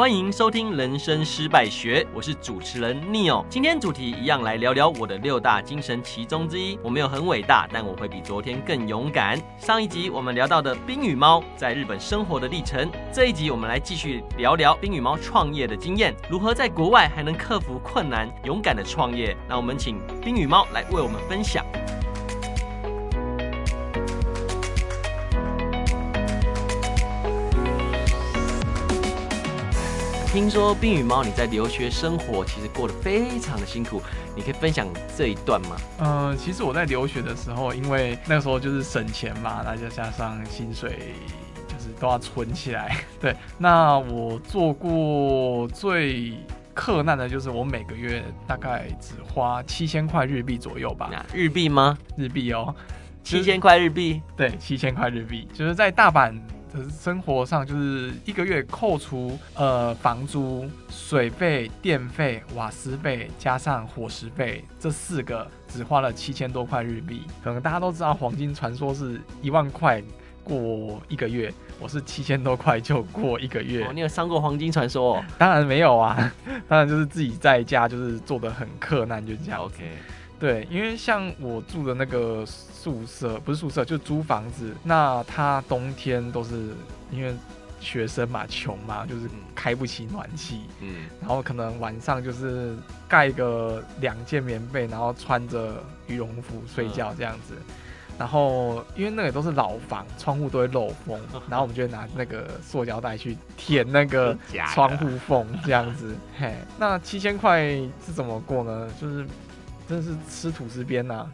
歡迎收聽《人生失敗學》，我是主持人 Neo。今天主題一樣，來聊聊我的六大精神其中之一。我沒有很偉大，但我會比昨天更勇敢。上一集我們聊到的冰羽貓在日本生活的歷程，這一集我們來繼續聊聊冰羽貓創業的經驗，如何在國外還能克服困難，勇敢的創業。那我們請冰羽貓來為我們分享。聽說冰羽貓你在留學生活其實過得非常的辛苦，你可以分享這一段嗎？嗯、呃，其實我在留學的時候，因為那時候就是省錢嘛，大家加上薪水就是都要存起來。對，那我做過最克難的就是我每個月大概只花七千塊日幣左右吧。那日幣嗎？日幣哦，七千塊日幣。對，七千塊日幣，就是在大阪。生活上就是一個月扣除呃、房租、水費、電費、瓦斯費，加上伙食費，這四個只花了七千多塊日幣。可能大家都知道黃金傳說是一萬塊過一個月，我是七千多塊就過一個月。哦，你有上過黃金傳說哦？當然沒有啊，當然就是自己在家就是做的很克難，就這樣子。OK。對，因為像我住的那個宿舍不是宿舍，就是，租房子。那他冬天都是因為學生嘛，窮嘛，就是開不起暖氣。嗯。然後可能晚上就是蓋個兩件棉被，然後穿着羽絨服睡覺這樣子。嗯、然後因為那個都是老房，窗戶都會漏風。然後我們就會拿那個塑膠袋去填那個窗戶縫這樣子。嗯、 樣子嘿，那七千塊是怎麼過呢？就是。真是吃吐司邊吶、啊，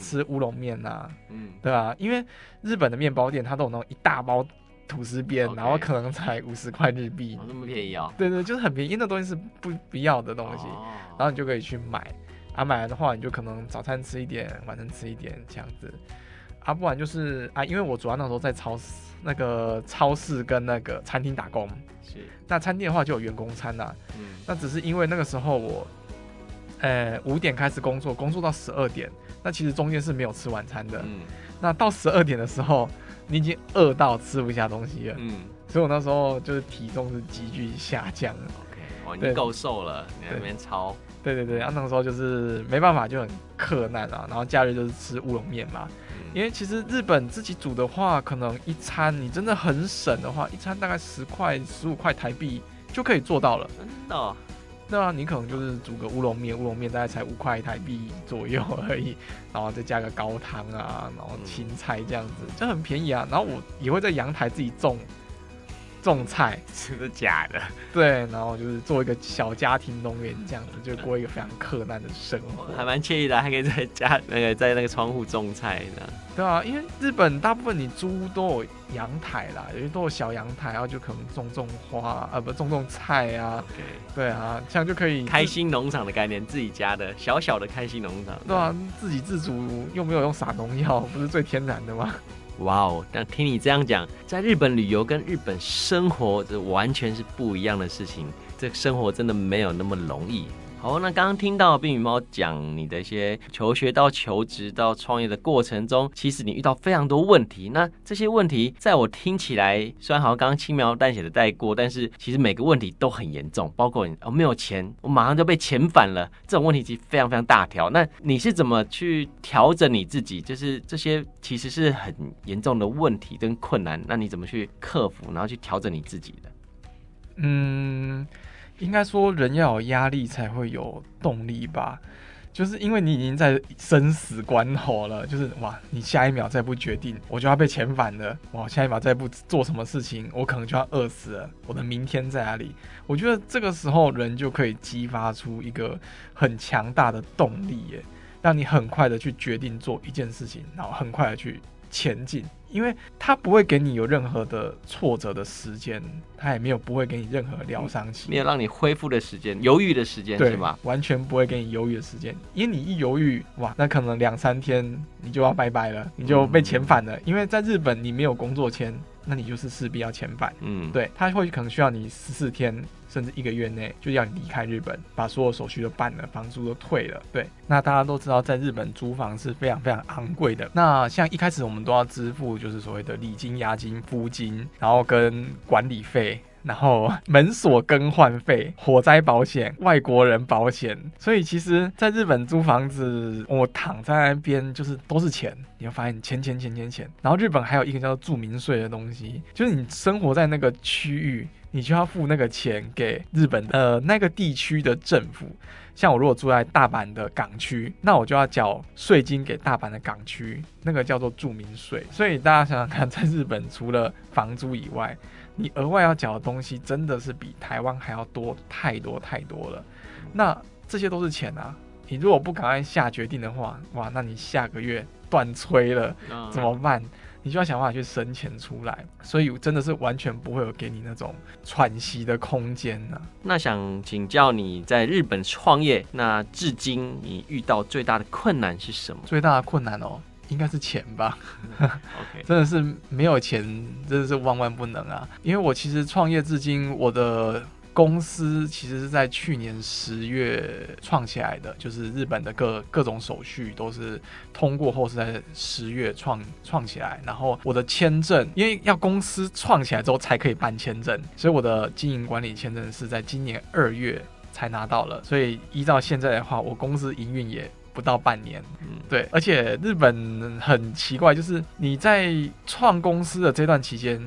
吃烏龍麵吶，嗯，啊、嗯對啊、啊？因為日本的麵包店它都有那種一大包吐司邊，嗯、然後可能才五十塊日幣，那麼便宜哦對對，就是很便宜， 那東西是不不要的東西，哦、然後你就可以去買。啊，買完的話你就可能早餐吃一點，晚餐吃一點這樣子。啊，不然就是啊，因為我主要那時候在超市，那個超市跟那個餐廳打工，是。那餐廳的話就有員工餐吶、啊，嗯，那只是因為那個時候我。呃，五點開始工作，工作到十二點，那其實中間是沒有吃晚餐的。嗯，那到十二點的時候，你已經餓到吃不下東西了。嗯，所以我那時候就是體重是急劇下降了。OK，對、哦、你夠瘦了，你那邊超。對對對，那個時候就是沒辦法就很困難啊，然後假日就是吃烏龍麵嘛。嗯、因為其實日本自己煮的話，可能一餐你真的很省的話，一餐大概十塊、十五塊台幣就可以做到了。真的。那你可能就是煮個烏龍麵，烏龍麵大概才五塊台幣左右而已，然後再加個高湯啊，然後青菜這樣子，就很便宜啊。然後我也會在陽台自己種。種菜是不是假的？對，然後就是做一個小家庭農園這樣子，就過一個非常困難的生活， 還蠻愜意的、啊，還可以在家那個在那個窗戶種菜呢。吧對啊，因為日本大部分你租屋都有陽台啦，有些都有小陽台，然後就可能種種花啊，呃、不種種菜啊。Okay. 對啊，這樣就可以開心農場的概念，自己家的小小的開心農場。對，對啊，自給自足又沒有用撒農藥，不是最天然的嗎？ 哇哦！Wow, 但聽你這樣講，在日本旅遊跟日本生活這完全是不一樣的事情。這生活真的沒有那麼容易。好、哦，那剛剛聽到冰羽貓講你的一些求學到求職到創業的過程中，其實你遇到非常多問題。那這些問題，在我聽起來，雖然好像剛剛輕描淡寫的帶過，但是其實每個問題都很嚴重。包括、哦、沒有錢，我馬上就被遣返了，這種問題其實非常非常大條。那你是怎麼去調整你自己？就是這些其實是很嚴重的問題跟困難，那你怎麼去克服，然後去調整你自己的？嗯。應該說，人要有壓力才會有動力吧，就是因為你已經在生死關頭了，就是哇，你下一秒再不決定，我就要被遣返了；哇，下一秒再不做什麼事情，我可能就要餓死了。我的明天在哪裡？我覺得這個時候人就可以激發出一個很強大的動力，耶，讓你很快的去決定做一件事情，然後很快的去前進，因為他不會給你有任何的挫折的時間，他也沒有不會給你任何療傷期，沒有讓你恢復的時間，猶豫的時間，對嗎？完全不會給你猶豫的時間，因為你一猶豫，哇，那可能兩三天你就要拜拜了，你就被遣返了。嗯，因為在日本你沒有工作簽，那你就是勢必要遣返。嗯，對，他會可能需要你十四天。甚至一個月內就要離開日本，把所有手續都辦了，房租都退了。對，那大家都知道，在日本租房是非常非常昂貴的。那像一開始我們都要支付，就是所謂的禮金、押金、租金，然後跟管理費，然後門鎖更換費、火災保險、外國人保險。所以其實，在日本租房子，我躺在那邊就是都是錢，你會發現錢錢錢錢錢。然後日本還有一個叫做住民稅的東西，就是你生活在那個區域，你就要付那個錢給日本的呃、那個地區的政府。像我如果住在大阪的港區，那我就要繳稅金給大阪的港區，那個叫做住民稅。所以大家想想看，在日本除了房租以外，你額外要繳的東西真的是比台灣還要多太多太多了。那這些都是錢啊，你如果不趕快下決定的話，哇，那你下個月斷炊了怎麼辦？嗯你就要想辦法去生錢出來，所以真的是完全不會有給你那種喘息的空間呢、啊。那想請教你在日本創業，那至今你遇到最大的困難是什麼？最大的困難哦，應該是錢吧。 Okay. 真的是沒有錢，真的是萬萬不能啊。因為我其實創業至今，我的。公司其實是在去年十月創起來的，就是日本的各各種手續都是通過後是在十月創創起來。然後我的簽證，因為要公司創起來之後才可以辦簽證，所以我的經營管理簽證是在今年二月才拿到了。所以依照現在的話，我公司營運也不到半年。嗯，對，而且日本很奇怪，就是你在創公司的這段期間，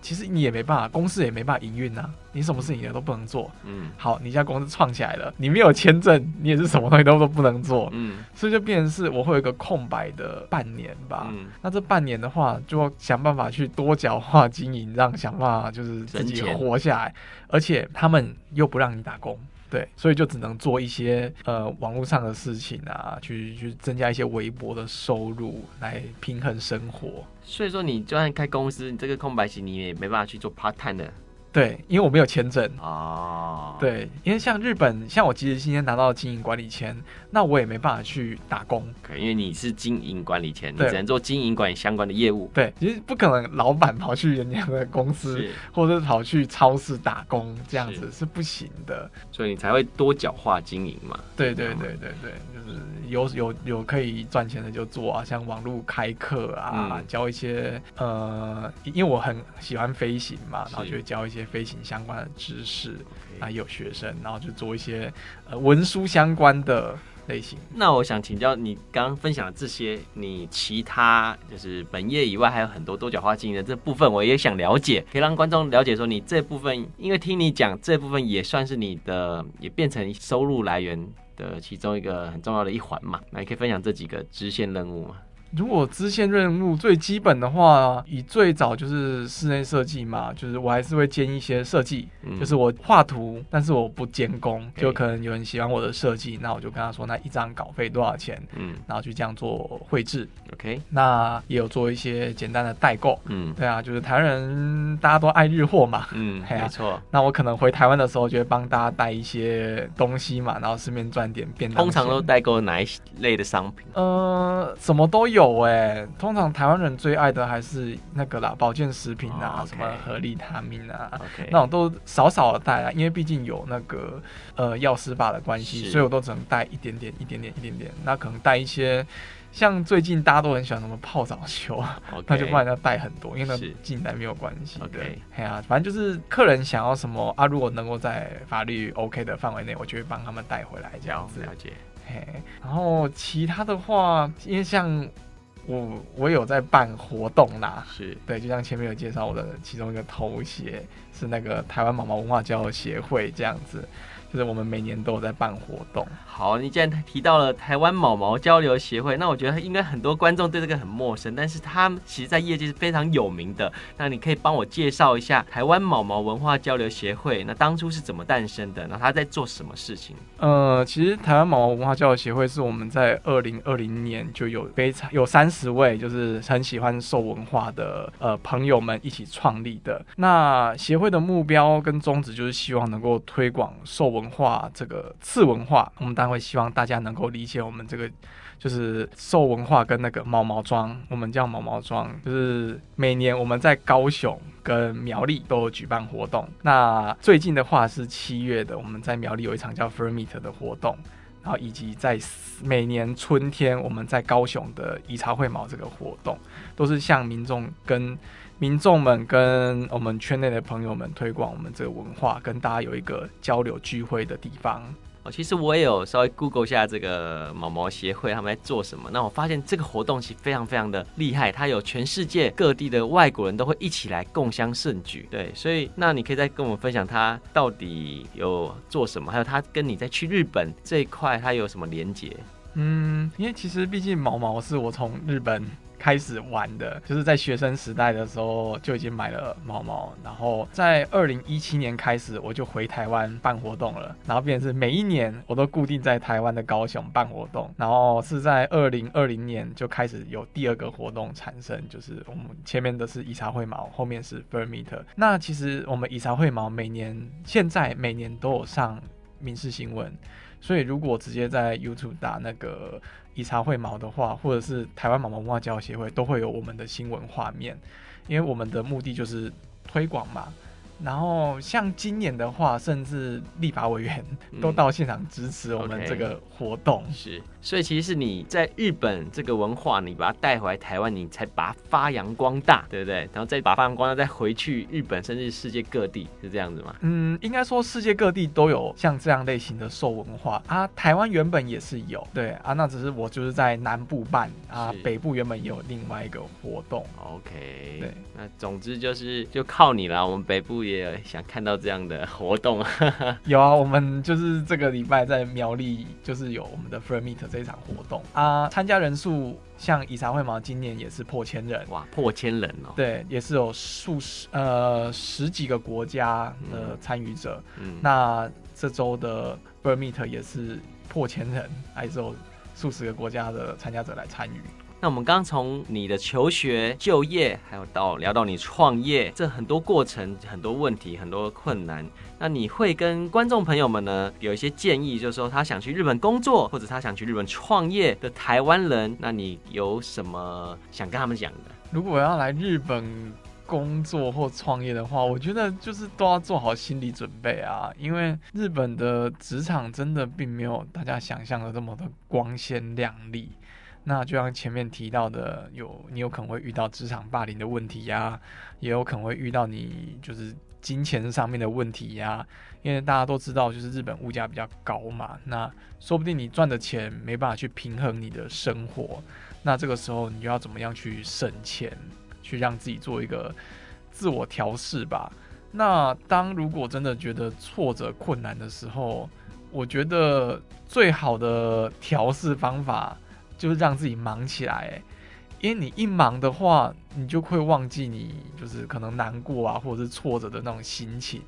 其實你也沒辦法，公司也沒辦法營運啊，你什麼事情的都不能做。嗯，好，你家公司創起來了，你沒有簽證，你也是什麼東西都都不能做。嗯，所以就變成是我會有一個空白的半年吧。嗯，那這半年的話，就要想辦法去多角化經營，讓想辦法就是自己活下來，前而且他們又不讓你打工。對，所以就只能做一些呃網絡上的事情啊，去去增加一些微薄的收入來平衡生活。所以說，你就算開公司，你這個空白期你也沒辦法去做 part time 的。對，因為我沒有簽證啊。Oh. 對，因為像日本，像我其實今天拿到經營管理簽。那我也沒辦法去打工。可因為你是經營管理簽證，對你只能做經營管理相關的業務。對，其實不可能老板跑去人家的公司，是或者跑去超市打工，這樣子是不行的。所以你才會多角化經營嘛？對對對對對，嗯、就是有有有可以賺錢的就做啊，像網絡開課啊，嗯、教一些呃，因為我很喜歡飛行嘛，然後就會教一些飛行相關的知識。還有學生，然後就做一些文書相關的類型。那我想請教，你剛剛分享的這些，你其他就是本業以外還有很多多角化經營的這部分，我也想了解，可以讓觀眾了解說你這部分，因為聽你講這部分也算是你的，也變成收入來源的其中一個很重要的一環嘛。那你可以分享這幾個支線任務嗎？如果支線任務最基本的話，以最早就是室內設計嘛，就是我還是會兼一些設計，嗯、就是我畫圖，但是我不監工，Okay. 就可能有人喜歡我的設計，那我就跟他說那一張稿費多少錢，嗯，然後去這樣做繪製，OK，那也有做一些簡單的代購，嗯，對啊，就是台灣人大家都愛日貨嘛，嗯，啊、沒錯錯，那我可能回台灣的時候就會幫大家帶一些東西嘛，然後順便賺點便當。通常都代購哪一類的商品？呃，什麼都有。有哎、欸，通常台灣人最愛的還是那個啦，保健食品啊，oh, okay. 什麼合利他命啊，Okay. 那我都少少的帶來、啊，因為畢竟有那個呃藥師法的關係，是所以我都只能帶一點點、一點點、一點點。那可能帶一些，像最近大家都很喜歡什麼泡澡球 Okay. 那就不然要帶很多，因為那進來沒有關係。OK，哎呀，反正就是客人想要什麼啊，如果能夠在法律 OK 的範圍內，我就會幫他們帶回來這樣子。了解、哦。嘿，然後其他的話，因為像。我我有在辦活動啦，是對，就像前面有介紹，我的其中一個頭銜是那個台灣毛毛文化交流協會這樣子。嗯就是我們每年都有在辦活動。好，你既然提到了台灣毛毛交流協會，那我覺得應該很多觀眾對這個很陌生，但是他們其實在業界是非常有名的。那你可以幫我介紹一下台灣毛毛文化交流協會？那當初是怎麼誕生的？然後他在做什麼事情？呃，其實台灣毛毛文化交流協會是我們在二零二零年就有非常有三十位就是很喜歡獸文化的、呃、朋友們一起創立的。那協會的目標跟宗旨就是希望能夠推廣獸文。文化這個次文化，我們單位希望大家能夠理解我們這個就是獸文化跟那個毛毛裝。我們叫毛毛裝，就是每年我們在高雄跟苗栗都有舉辦活動。那最近的話是七月的，我們在苗栗有一場叫 Fermite 的活動，然後以及在每年春天我們在高雄的以茶會毛這個活動，都是向民眾跟民眾們跟我們圈內的朋友們推廣我們這個文化，跟大家有一個交流聚會的地方。哦，其實我也有稍微 Google 一下這個毛毛協會他們在做什麼。那我發現這個活動其實非常非常的厲害，它有全世界各地的外國人都會一起來共襄盛舉。對，所以那你可以再跟我們分享他到底有做什麼，還有他跟你在去日本這一塊他有什麼連接？嗯，因為其實畢竟毛毛是我從日本。開始玩的，就是在學生時代的時候就已經買了貓貓，然後在二零一七年開始我就回台灣辦活動了，然後變成是每一年我都固定在台灣的高雄辦活動，然後是在二零二零年就開始有第二個活動產生，就是我們前面的是以茶會貓，後面是 Fermiter。那其實我們以茶會貓每年，現在每年都有上民視新聞。所以，如果直接在 YouTube 打那個“以茶會毛”的話，或者是台灣毛毛文化教育協會，都會有我們的新聞畫面，因為我們的目的就是推廣嘛。然後像今年的話，甚至立法委員、嗯、都到現場支持我們這個活動。Okay. 是，所以其實是你在日本這個文化，你把它帶回來台灣，你才把它發揚光大，對不對？然後再把發揚光大，再回去日本，甚至世界各地，是這樣子嗎？嗯，應該說世界各地都有像這樣類型的獸文化啊。台灣原本也是有，對啊，那只是我就是在南部辦啊，是北部原本也有另外一個活動。OK，對，那總之就是就靠你了，我們北部也。也想看到這樣的活動 有啊，我們就是這個禮拜在苗栗，就是有我們的 Fermit 這一場活動啊。參加人數像以茶會嘛，今年也是破千人哇，破千人哦。對，也是有數十呃十幾個國家的參與者嗯。嗯，那這周的 Fermit 也是破千人，還是有數十個國家的參加者來參與。那我們剛從你的求學、就業，還有到聊到你創業，這很多過程、很多問題、很多困難，那你會跟觀眾朋友們呢，有一些建議，就是說他想去日本工作或者他想去日本創業的台灣人，那你有什麼想跟他們講的？如果我要來日本工作或創業的話，我覺得就是都要做好心理準備啊，因為日本的職場真的並沒有大家想象的這麼的光鮮亮麗。那就像前面提到的，有你有可能會遇到職場霸凌的問題呀，也有可能會遇到你就是金錢上面的問題呀，因為大家都知道，就是日本物價比較高嘛，那說不定你賺的錢沒辦法去平衡你的生活，那這個時候你就要怎麼樣去省錢，去讓自己做一個自我調適吧。那當如果真的覺得挫折困難的時候，我覺得最好的調適方法。就是讓自己忙起來、欸，因為你一忙的話，你就會忘記你就是可能難過啊，或者是挫折的那種心情，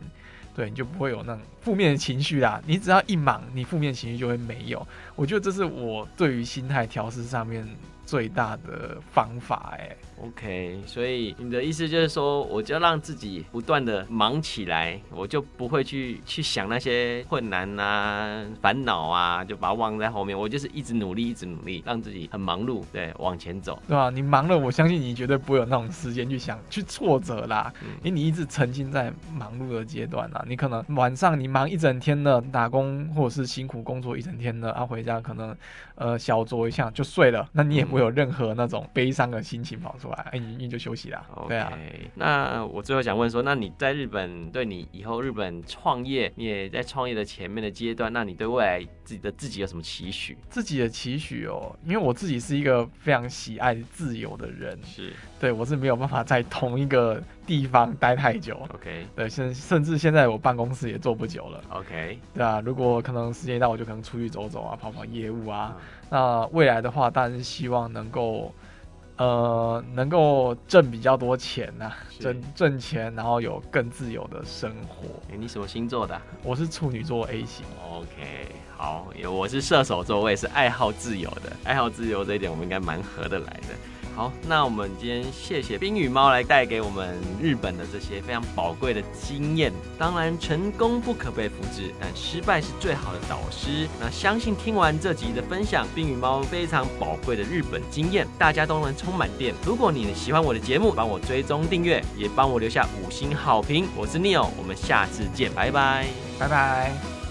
對，你就不會有那種負面的情緒啦。你只要一忙，你負面的情緒就會沒有。我覺得這是我對於心態調試上面，最大的方法哎、欸，OK，所以你的意思就是說，我就讓自己不斷的忙起來，我就不會去去想那些困難啊、煩惱啊，就把它忘在後面。我就是一直努力，一直努力，讓自己很忙碌，對，往前走。對啊，你忙了，我相信你絕對不會有那種時間去想去挫折啦，嗯、因為你一直沉浸在忙碌的階段啊。你可能晚上你忙一整天的打工，或者是辛苦工作一整天的，然、啊、後回家可能呃小酌一下就睡了，那你也不會、嗯。有任何那種悲傷的心情跑出來，哎、欸，你就休息啦。Okay, 對啊，那我最後想問說，那你在日本，對你以後日本創業，你也在創業的前面的階段，那你對未來自己的自己有什麼期許？自己的期許哦，因為我自己是一個非常喜愛自由的人。是。對，我是沒有辦法在同一個地方待太久。OK。對，甚至現在我辦公室也坐不久了。OK。對啊，如果可能時間一到，我就可能出去走走啊，跑跑業務啊。嗯、那未來的話，當然是希望能夠，呃，能夠掙比較多錢吶、啊是，掙掙錢，然後有更自由的生活。哎，你什麼星座的？啊？我是處女座 A 型。OK。好，我是射手座，我也是愛好自由的，愛好自由這一點我們應該蠻合得來的。好，那我們今天謝謝冰羽貓來帶給我們日本的這些非常寶貴的經驗。當然，成功不可被複製，但失敗是最好的導師。那相信聽完這集的分享，冰羽貓非常寶貴的日本經驗，大家都能充滿電。如果你喜歡我的節目，幫我追蹤訂閱，也幫我留下五星好評。我是 Neo，我們下次見，拜拜，拜拜。